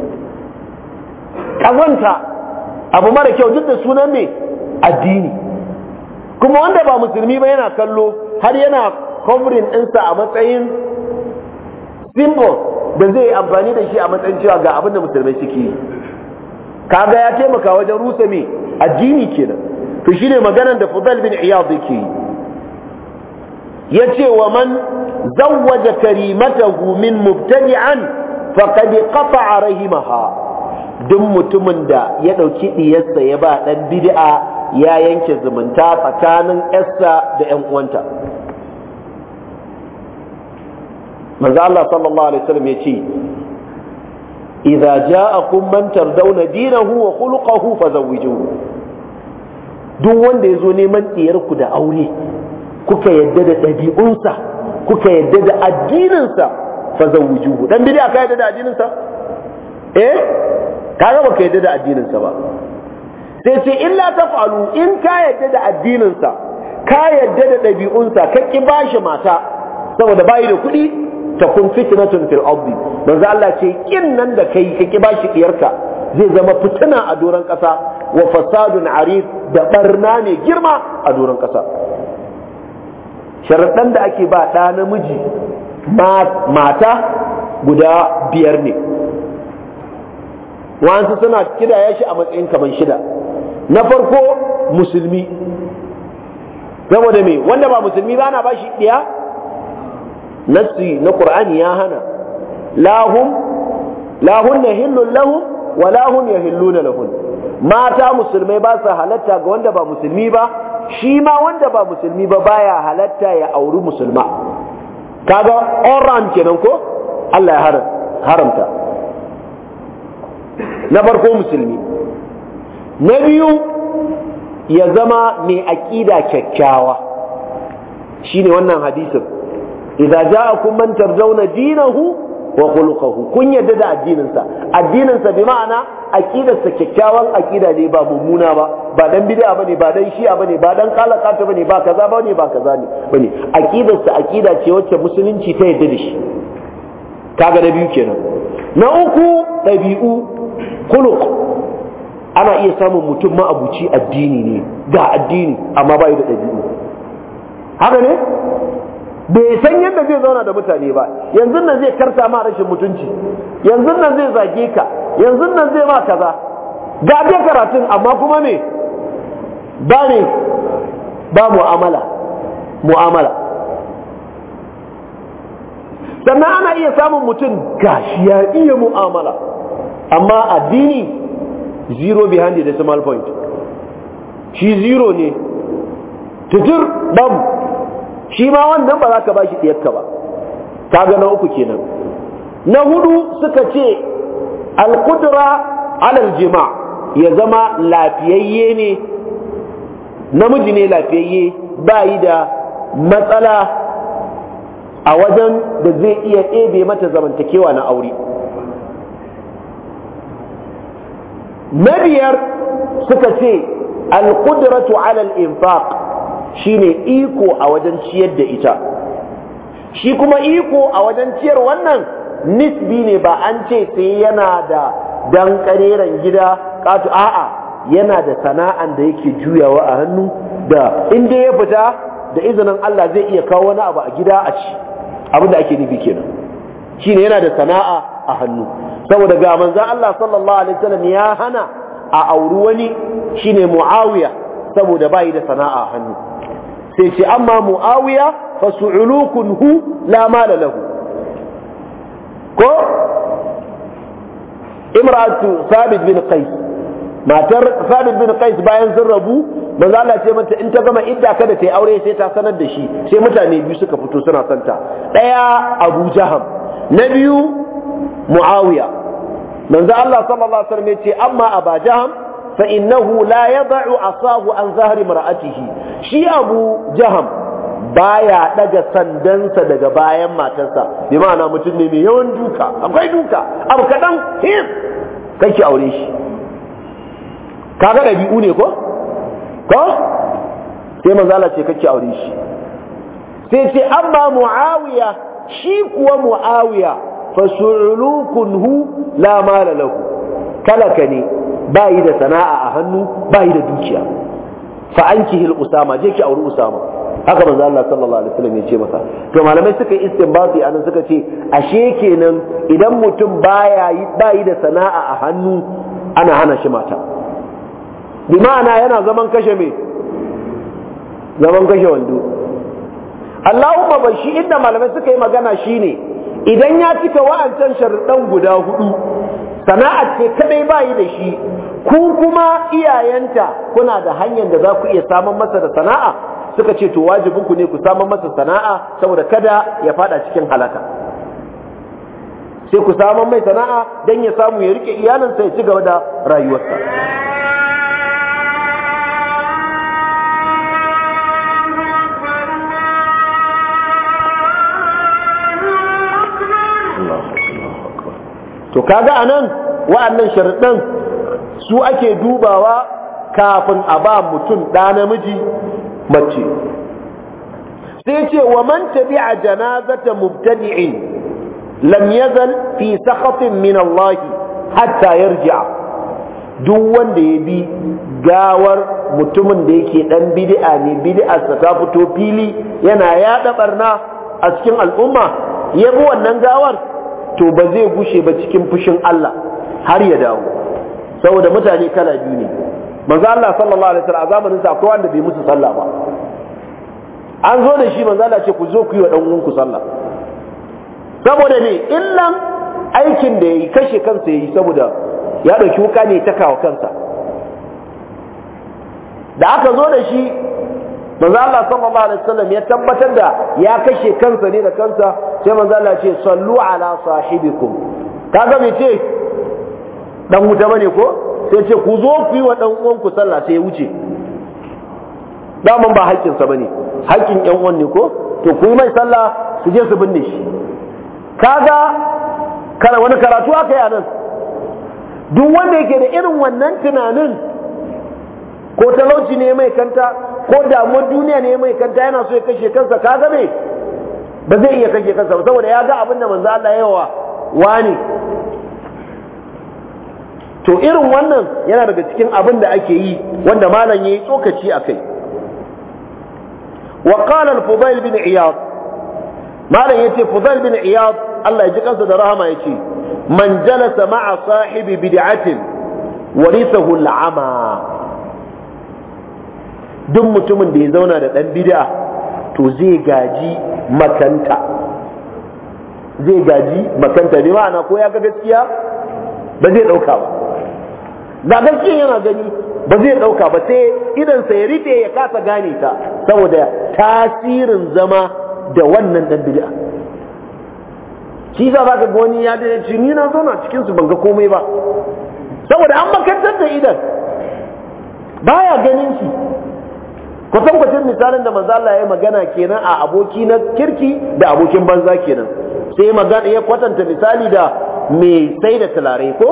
kazanta abu mara kyau duk da sunan mai addini kuma wanda ba musulmi ba yana kallo har yana covering ɗinsa a matsayin simbol da zai yi amfani da shi a matsayin cewa ga abin da musulmai suke yi kaga ya taimaka wajen rusa me addini kenan to shine maganar da Fudal bin Iyad ke yi Ya ce wa man zawwaja karimatahu min mubtadi'an faqad qata'a rahimaha duk mutumin da ya dauki diyarsa ya ba dan bid'a ya yanke zumunta tsakanin Esther da ‘yan uwanta manzo Allah sallallahu alaihi wasallam ya ce idza ja'akum man tardawna dinahu wa khuluquhu fazawwijuhu duk wanda yazo neman diyar ku da aure kuka yadda da ɗabi'unsa kuka yadda da addininsa fazawwijuhu dan bidi ka yadda da addininsa eh kaga baka yadda da addininsa ba sai ce illa tafalu in ka yadda da addininsa ka yadda da ɗabi'unsa ka ki bashi mata saboda bayi da kuɗi ta kun tun fil ardi manzo Allah ce kin nan da kai ka ki bashi diyarka zai zama fitina a doron ƙasa wa fasadun arif da barna ne girma a doron ƙasa sharaɗan da ake ba ɗa namiji mata guda biyar ne wasu suna kidaya shi a matsayin kaman shida na farko musulmi da me wanda ba musulmi ba na bashi ɗiya nassi na ƙur'ani ya hana lahun ya hillun lahun wa lahun ya yahilluna lahun mata musulmai ba su halatta ga wanda ba musulmi ba shi ma wanda ba musulmi ba baya halatta ya auri musulma kaga oran kenan ko Allah ya haramta na farko musulmi na biyu ya zama mai aƙida kyakkyawa Shi ne wannan hadisin idza ja'akum man tarzauna dinahu wa kulukahu kun yadda da addininsa addininsa bi ma'ana aƙidarsa kyakkyawan aƙida ne ba mummuna ba ba dan bid'a bane ba dan shi'a bane ba dan kala kata bane ba kaza bane ba kaza ne bane Aƙidarsa aƙida ce wacce musulunci ta yadda da shi kaga da biyu kenan na uku ɗabi'u kuluk ana iya samun mutum ma'abuci addini ne ga addini amma ba da ɗabi'u haka ne bai san yadda zai zauna da mutane ba yanzu nan zai karta ma rashin mutunci yanzu nan zai zage ka yanzu nan zai ma kaza ga dai karatun amma kuma ne ba ne ba mu'amala mu'amala sannan ana iya samun mutum gashi ya iya mu'amala amma addini zero behind the decimal point shi zero ne tutur bam shi ma wannan ba za ka ba shi ɗiyarka ba ta gana uku kenan na hudu suka ce alƙudura alal jima ya zama lafiyayye ne namiji ne lafiyayye ba yi da matsala a wajen da zai iya ɗebe mata zamantakewa na aure na biyar suka ce alƙudratu alal infaq shine iko a wajen ciyar da ita shi kuma iko a wajen ciyar wannan nisbi ne ba an ce sai yana da dan gida ƙatu a'a yana da sana'an da yake juyawa a hannu da inda ya fita da izinin Allah zai iya kawo wani abu a gida a ci abin ake nufi kenan shine yana da sana'a a hannu saboda ga manzan Allah sallallahu alaihi wasallam ya hana a auri wani shine Muawiya saboda bai da sana'a hannu sai ce amma Muawiya fa su'ulukunhu la mala lahu ko imra'atu Sabit bin Qais matar Sabit bin Qais bayan sun rabu manzo Allah ce mata in ta gama idda kada ta yi aure sai ta sanar da shi sai mutane biyu suka fito suna santa daya Abu Jaham na biyu muawiya manzo Allah sallallahu alaihi wasallam yace amma aba jaham fa innahu la yad'u asahu an zahri mar'atihi shi abu jaham baya daga sandansa daga bayan matarsa bi ma'ana mutum ne mai yawan duka akwai duka abu kadan him kake aure shi kaga dabi'u ne ko ko sai manzo Allah ce kake aure shi sai ce amma muawiya shi kuwa muawiya fasu'ulukun hu la mala lahu talaka ne ba yi da sana'a a hannu ba yi da dukiya fa ankihil usama je ki auri usama haka manzo Allah sallallahu alaihi wasallam ya ce masa to malamai suka yi istinbati anan suka ce ashe kenan idan mutum baya yi ba yi da sana'a a hannu ana hana shi mata bi ma'ana yana zaman kashe me zaman kashe wando Allahumma ba shi inda malamai suka yi magana shine idan ya cika wa'ancan sharuɗan guda hudu sana'a ce kadai bayi da shi ku kuma iyayenta kuna da hanyar da za ku iya samun masa da sana'a suka ce to ku ne ku samun masa sana'a saboda kada ya fada cikin halaka sai ku samun mai sana'a don ya samu ya rike iyalinsa ya ci gaba da rayuwarsa to kaga anan wa'annan sharuɗan su ake dubawa kafin a ba mutum ɗa namiji mace sai ce wa man a janazata mubtadi'in lam yazal fi sakhatin min Allah hatta yarji'a duk wanda ya bi gawar mutumin da yake dan bid'a ne bid'arsa ta fito fili yana yaɗa barna a cikin al'umma ya bi wannan gawar to ba zai gushe ba cikin fushin Allah har ya dawo saboda mutane kala biyu ne manzo Allah sallallahu alaihi wasallam a zamanin sa akwai wanda bai musu sallah ba an zo da shi manzo Allah ce ku zo ku yi wa dan uwanku sallah saboda ne illan aikin da yayi kashe kansa yayi saboda ya dauki wuka ne ta kawo kansa da aka zo da shi manzo Allah sallallahu alaihi wasallam ya tabbatar da ya kashe kansa ne da kansa sai manzo Allah ya ce sallu ala sahibikum kaga me ce dan wuta bane ko sai ce ku zo ku yi wa dan uwan ku sallah sai ya wuce daman ba haƙƙin sa bane haƙƙin ƴan uwan ne ko to ku mai sallah su je su binne shi kaga kana wani karatu aka yi anan duk wanda yake da irin wannan tunanin ko talauci ne mai kanta ko damuwar duniya ne mai kanta yana so ya kashe kansa ka ga ba zai iya kashe kansa ba saboda ya ga abin da manzo Allah yawa wani to irin wannan yana daga cikin abin da ake yi wanda malam yayi tsokaci akai wa qala al-fudail bin iyad malam yace fudail bin iyad Allah ya ji kansa da rahama yace man jalasa ma'a sahibi bid'atin warithahu al-ama duk mutumin da ya zauna da ɗan bid'a to zai gaji makanta zai gaji makanta ne ma'ana ko ya ga gaskiya ba zai ɗauka ba ga gaskiya yana gani ba zai ɗauka ba sai idan ya rufe ya kasa gane ta saboda tasirin zama da wannan ɗan bid'a shi za ka ga wani ya dace ni na zauna cikin su ban ga komai ba saboda an makantar da idan baya ganin shi kwatankwacin misalin da manzo ya ya magana kenan a aboki na kirki da abokin banza kenan sai magana ya kwatanta misali da mai sai da tulare ko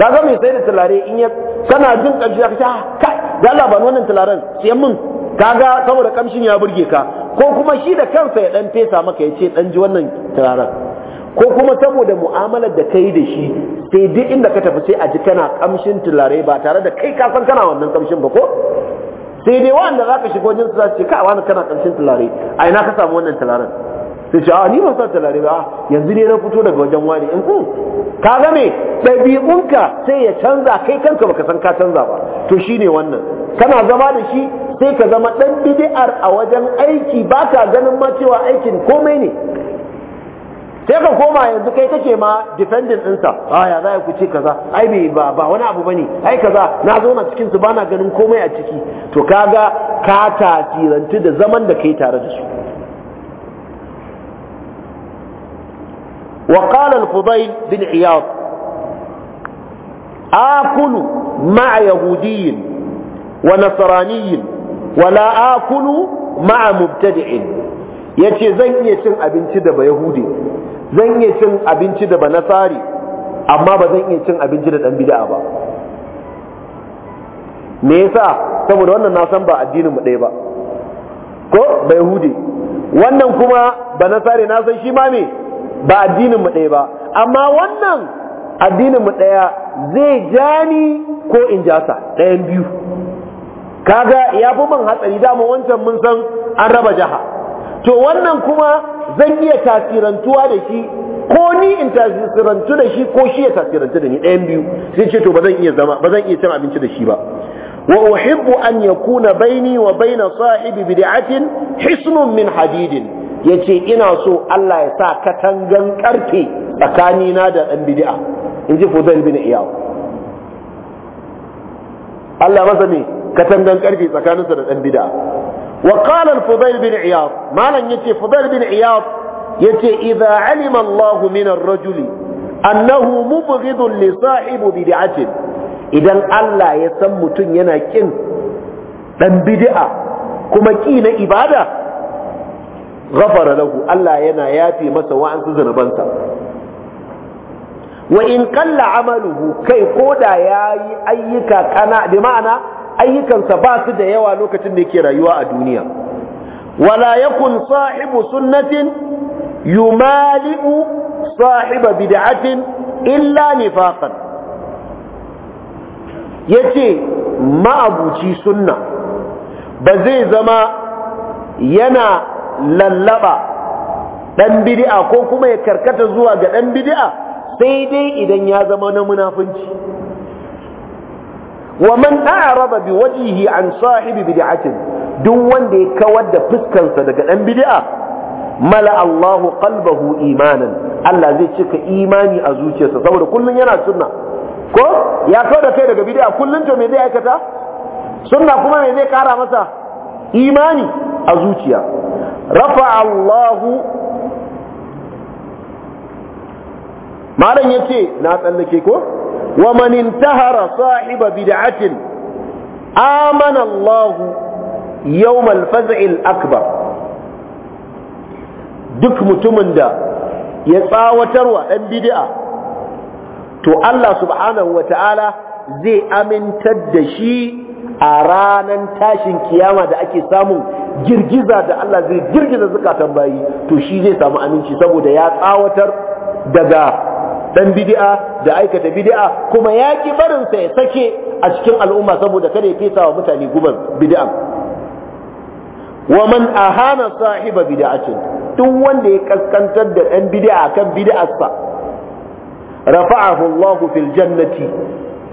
kaga mai sai da tulare in ya kana jin kanshi ka ta ah, kai da Allah ban wannan tularen sai mun kaga saboda kamshin ya burge ka ko kuma shi da kansa ya dan fesa maka ya ce dan ji wannan turaren ko kuma saboda mu'amalar da kai da shi sai duk inda ka tafi sai a ji kana kamshin tulare ba tare da kai ka san kana wannan kamshin ba ko sai dai wanda za ka shiga wajen su za su ce kai wani kana ƙarshen tulare a ina ka samu wannan tularen sai ce a ah, ni ban sa tulare ba ah, yanzu ne na fito daga wajen wani in kun ka ga me ɗabi'unka sai ya canza kai kanka baka san ka canza ba to shi ne wannan kana zama da shi sai ka zama ɗan bid'ar a wajen aiki ba ka ganin ma cewa aikin komai ne sai ka koma yanzu kai kake ma defending ɗinsa a ah, ya za ku ce kaza ai bai ba ba wani abu bane ai kaza na na cikin su bana ganin komai a ciki to kaga ka tasirantu da zaman da kai tare da su وقال الفضيل a عياض yahudiyyin مع wala ونصراني ولا آكل مع ya yace zan iya cin abinci da ba yahudi zan iya cin abinci da tsari amma ba zan iya cin abinci da dan bid'a ba me yasa saboda wannan na san ba addinin mu ɗaya ba ko ba yahudi wannan kuma tsari na san shi ma me ba addinin mu ɗaya ba amma wannan addinin mu ɗaya zai jani ko in jasa ɗayan biyu kaga ya fi man hatsari dama wancan mun san an raba jaha to wannan kuma zan iya tasirantuwa da shi ko ni in tasirantu da shi ko shi ya tasirantu da ni ɗayan biyu sai ce to ba zan iya zama cin abinci da shi ba wa uhibbu an yakuna baini wa baina sahibi bid'atin hisnun min hadidin yace ina so Allah ya sa katangan karfe tsakanina da dan bid'a ji Fudail bin Iyaw Allah masa ne katangan karfe tsakaninsa da dan bid'a wa qala al-fudayl bin iyad malan yace fudayl bin iyad yace idza alima Allah rajuli annahu mubghidun li sahibi bid'atin idan Allah ya san mutum yana kin dan bid'a kuma ki na ibada ghafara lahu Allah yana yafi masa wa'ansu zunubansa wa in qalla amaluhu kai koda yayi ayyuka kana bi ma'ana ayyukansa ba su da yawa lokacin da yake rayuwa a duniya wala yakun sahibu sunnatin yumali'u sahiba bid'atin illa nifaqan yace ma'abuci sunna ba zai zama yana lallaba dan bid'a ko kuma ya karkata zuwa ga dan bid'a sai dai idan ya zama na munafunci wa man a'rada bi wajihi an sahibi bid'atin duk wanda ya kawar da fuskarsa daga dan bid'a mala Allahu qalbahu imanan Allah zai cika imani a zuciyarsa saboda kullun yana sunna ko ya kawar da kai daga bid'a kullun to me zai aikata sunna kuma me zai kara masa imani a zuciya rafa Allahu malam yace na tsallake ko wa man intahara sahiba bid'atin amanallahu Allah al-faz'il akbar duk mutumin da ya tsawatarwa ɗan bid'a to Allah subhanahu wata'ala zai amintar da shi a ranan tashin kiyama da ake samun girgiza da Allah zai girgiza zukatan bayi to shi zai samu aminci saboda ya tsawatar daga dan bid'a da aikata bid'a kuma ya ki barin sa ya sake a cikin al'umma saboda kada ya fesa wa mutane guba bid'a wa man ahana sahiba bid'atin duk wanda ya kaskantar da dan bidi'a kan bid'arsa rafa'ahu Allahu fil jannati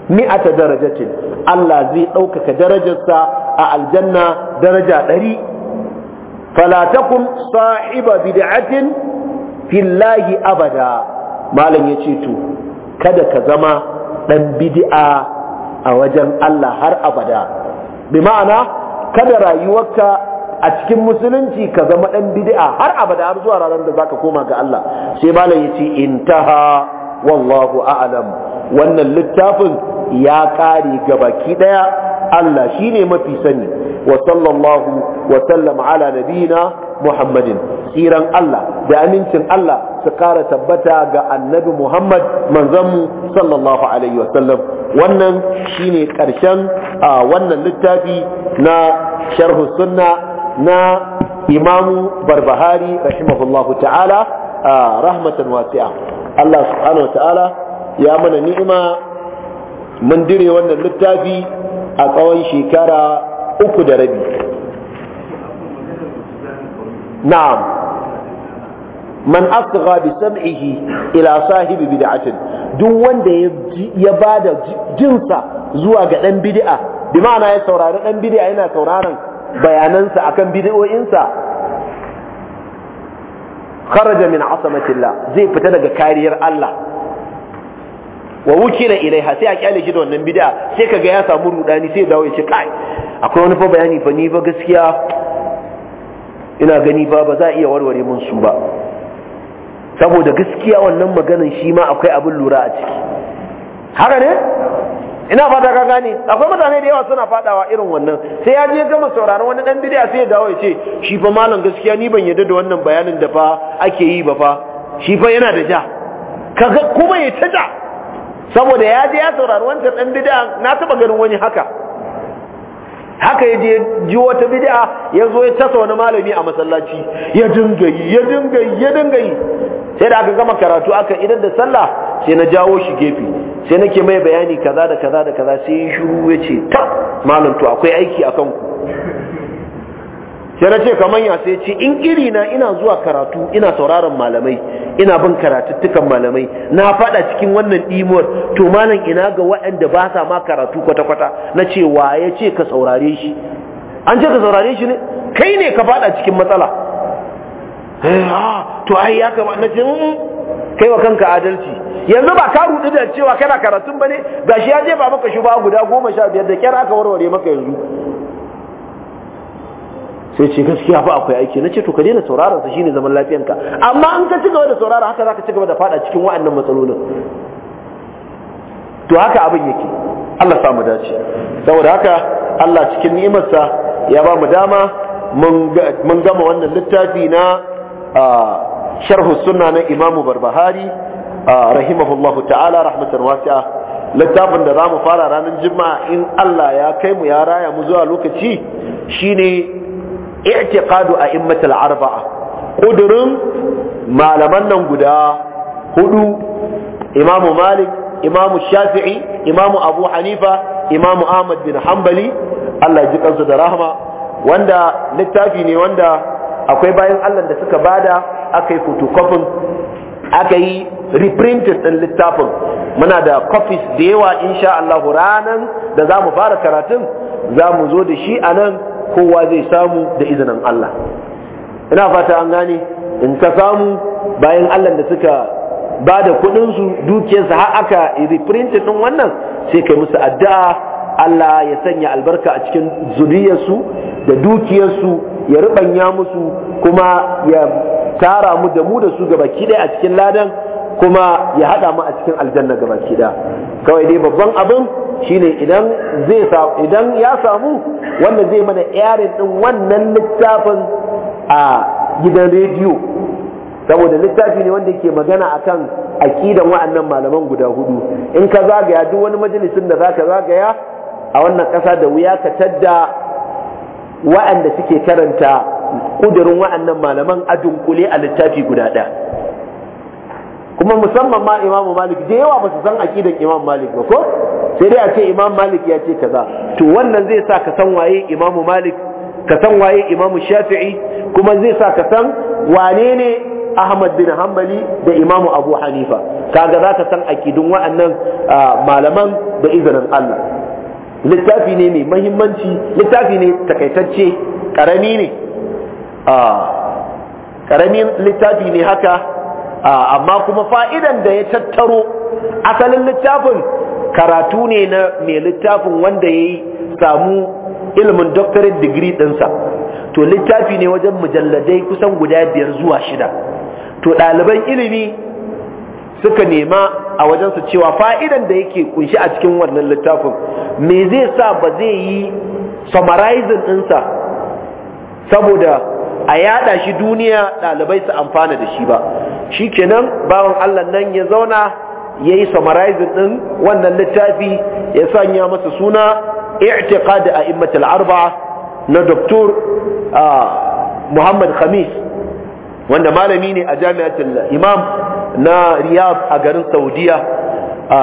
mi'ata darajatin Allah zai ɗaukaka darajarsa a aljanna daraja ɗari fala takun sahiba bid'atin fillahi abada malam ya ce to kada ka zama ɗan bidi'a a wajen Allah har abada bi ma'ana kada rayuwarka a cikin musulunci ka zama ɗan bidi'a har abada har zuwa ranar da zaka koma ga Allah sai malam ya ce intaha wallahu a'lam wannan littafin ya kare gabaki daya Allah shine mafi sani wa sallallahu wa sallam ala nabina Muhammadin tsiran Allah da amincin Allah su kara tabbata ga annabi Muhammad manzanmu sallallahu alaihi wa sallam wannan shine karshen wannan littafi na sharhu sunna na imamu barbahari rahimahullahu ta'ala a rahmatan wasi'a Allah subhanahu wa ta'ala ya mana ni'ima mun dire wannan littafi a tsawon shekara uku da rabi na'am man asgha bi sam'ihi ila sahibi bid'atin duk wanda ya ba da jinsa zuwa ga dan bid'a bi ma'ana ya saurari dan bid'a yana sauraron bayanansa akan bid'o'insa kharaja min asamatillah zai fita daga kariyar Allah wa wukila ilaiha sai a kyale shi da wannan bid'a sai kaga ya samu rudani sai ya dawo ya ce kai akwai wani fa bayani fa ni ba gaskiya ina gani ba ba za a iya warware mun su ba saboda gaskiya wannan maganan shi ma akwai abin lura a ciki haka ne ina fata ka gane akwai mutane da yawa suna fadawa irin wannan sai ya je gama sauraron wani dan bid'a sai ya dawo ya ce shi fa malam gaskiya ni ban yarda da wannan bayanin da fa ake yi ba fa shi fa yana da ja kaga kuma ya ta ja saboda ya je ya saurari wancan ɗan bid'a na taba ganin wani haka haka ya je ji wata bid'a ya zo ya tasa wani malami a masallaci ya dinga yi ya dinga yi ya dinga yi sai da aka gama karatu aka idan da sallah sai na jawo shi gefe sai nake mai bayani kaza da kaza da kaza sai ya shiru ya ce ta malam to akwai aiki akan ku sai na ce kamar ya sai ce in iri na ina zuwa karatu ina sauraron malamai ina bin karatuttukan malamai na fada cikin wannan dimuwar to malam ina ga waɗanda ba sa ma karatu kwata-kwata na ce wa ya ce ka saurare shi an ce ka saurare shi ne kai ne ka fada cikin matsala eh, to ai ya kama na ce mm, mm, kai wa kanka adalci yanzu ba ka rudu da cewa kana karatun ba ne gashi ya je ba maka shuba guda goma sha biyar da kyar aka warware maka yanzu sai ce gaskiya ba akwai aiki na ce to ka daina sauraron sa shine zaman lafiyanka amma an ka cigaba da sauraron haka zaka cigaba da fada cikin wa'annan matsalolin to haka abin yake Allah samu dace saboda haka Allah cikin ni'imarsa ya ba mu dama mun gama wannan littafi na sharhu sunna na Imam Barbahari rahimahullahu ta'ala rahmatan wasi'a littafin da zamu fara ranar juma'a in Allah ya kai mu ya raya mu zuwa lokaci shine a a'immatul arba'a kudurin malaman nan guda huɗu, imamu malik imamu shafi'i imamu abu hanifa imamu ahmad bin Hambali, Allah ya ji kansu da rahama wanda littafi ne wanda akwai bayan Allah da suka bada aka yi photocopy aka yi reprinted din littafin muna da copies da yawa insha Allah ranan da za mu fara karatun za mu zo da shi a nan kowa zai samu da izinin Allah ina fata an gane in ka samu bayan Allah da suka ba da kudinsu dukiyarsu har aka reprintin din wannan sai kai musu addu'a Allah ya sanya albarka a cikin zuriyarsu da dukiyarsu ya rubanya musu kuma ya tara mu da mu da su gabaki ɗaya a cikin ladan kuma ya haɗa mu a cikin aljanna gaba ɗaya kawai dai babban abin shine idan zai idan ya samu wanda zai mana yarin din wannan littafin a gidan rediyo saboda littafi ne wanda yake magana akan aqidan wa'annan malaman guda hudu in ka zagaya duk wani majalisin da zaka zagaya a wannan kasa da wuya ka tadda wa'anda suke karanta kudurin wa'annan malaman a dunkule a littafi guda ɗaya kuma musamman ma imamu malik da yawa ba su san aqidan imam malik ba ko sai dai a ce imam malik ya ce kaza to wannan zai sa ka san waye imamu malik ka san waye imamu shafi'i kuma zai sa ka san wane ne ahmad bin hanbali da imamu abu hanifa kaga za ka san akidun wa'annan malaman da izinin allah littafi ne mai mahimmanci littafi ne takaitacce karami ne karamin littafi ne haka amma kuma fa'idan da ya tattaro asalin littafin karatu ne na mai littafin wanda ya yi samu ilimin doctorate degree ɗinsa to littafi ne wajen mujalladai kusan guda biyar zuwa shida to ɗaliban ilimi suka nema a wajensu cewa fa'idan da yake kunshi a cikin wannan littafin me zai sa ba zai yi summarizing ɗinsa saboda a yada shi duniya ɗalibai su amfana da shi ba shi kenan bawan Allah nan ya zauna yayi yi summarizing din wannan littafi ya sanya masa suna i'tiqad a arba arba na doktor Muhammad Khamis wanda malami ne a jami'atul Imam na Riyadh a garin Saudiya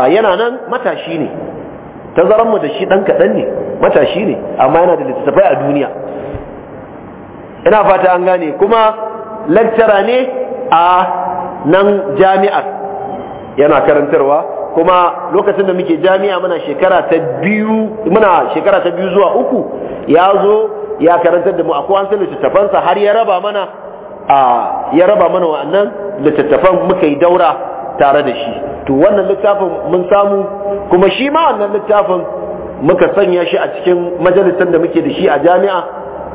yana nan matashi ne mu da shi dan kaɗan ne matashi ne amma yana da littattafai a duniya ina fata an gane kuma lantara ne a nan jami'ar yana karantarwa kuma lokacin da muke jami'a muna shekara ta biyu muna shekara ta biyu zuwa uku ya zo ya karantar da mu akwai an san littattafansa har ya raba mana a ya raba mana wa'annan littattafan muka yi daura tare da shi to wannan littafin mun samu kuma shi ma wannan littafin muka sanya shi a cikin majalisar da muke da shi a jami'a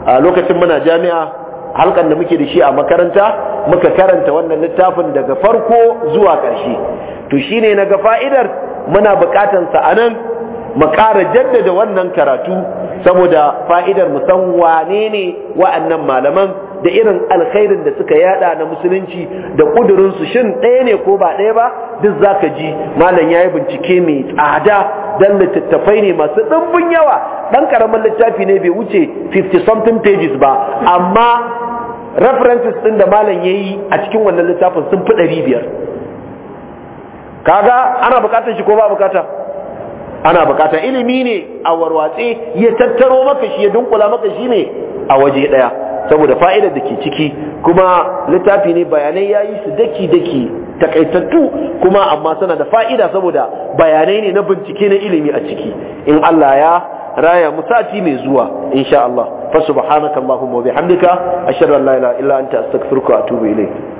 a lokacin muna jami'a halkan da muke da shi a makaranta muka karanta wannan littafin daga farko zuwa ƙarshe to shine na ga fa'idar muna buƙatar sa anan mu ƙara jaddada wannan karatu saboda fa'idar mu san wane ne wa'annan malaman da irin alkhairin da suka yada na musulunci da kudurin shin ɗaya ne ko ba ɗaya ba duk zaka ji malam yayi bincike mai tsada dan littattafai ne masu ɗumbin yawa Ɗan karamin littafi ne bai wuce 50 something pages ba amma references ɗin da malam yi a cikin wannan littafin sun fi 500 kaga ana bukatar shi ko ba bukata ana bukata ilimi ne a warwatse ya tattaro maka shi ya dunkula maka shi ne a waje ɗaya. saboda fa'idar da ke ciki kuma littafi ne bayanai ya yi su daki-daki takaitattu kuma amma suna da fa'ida saboda bayanai ne na bincike na ilimi a ciki in Allah ya raya mu sati mai zuwa insha Allah fa subhanakallahumma wa bihamdika ashhadu an la ilaha illa anta astaghfiruka wa atubu ilayk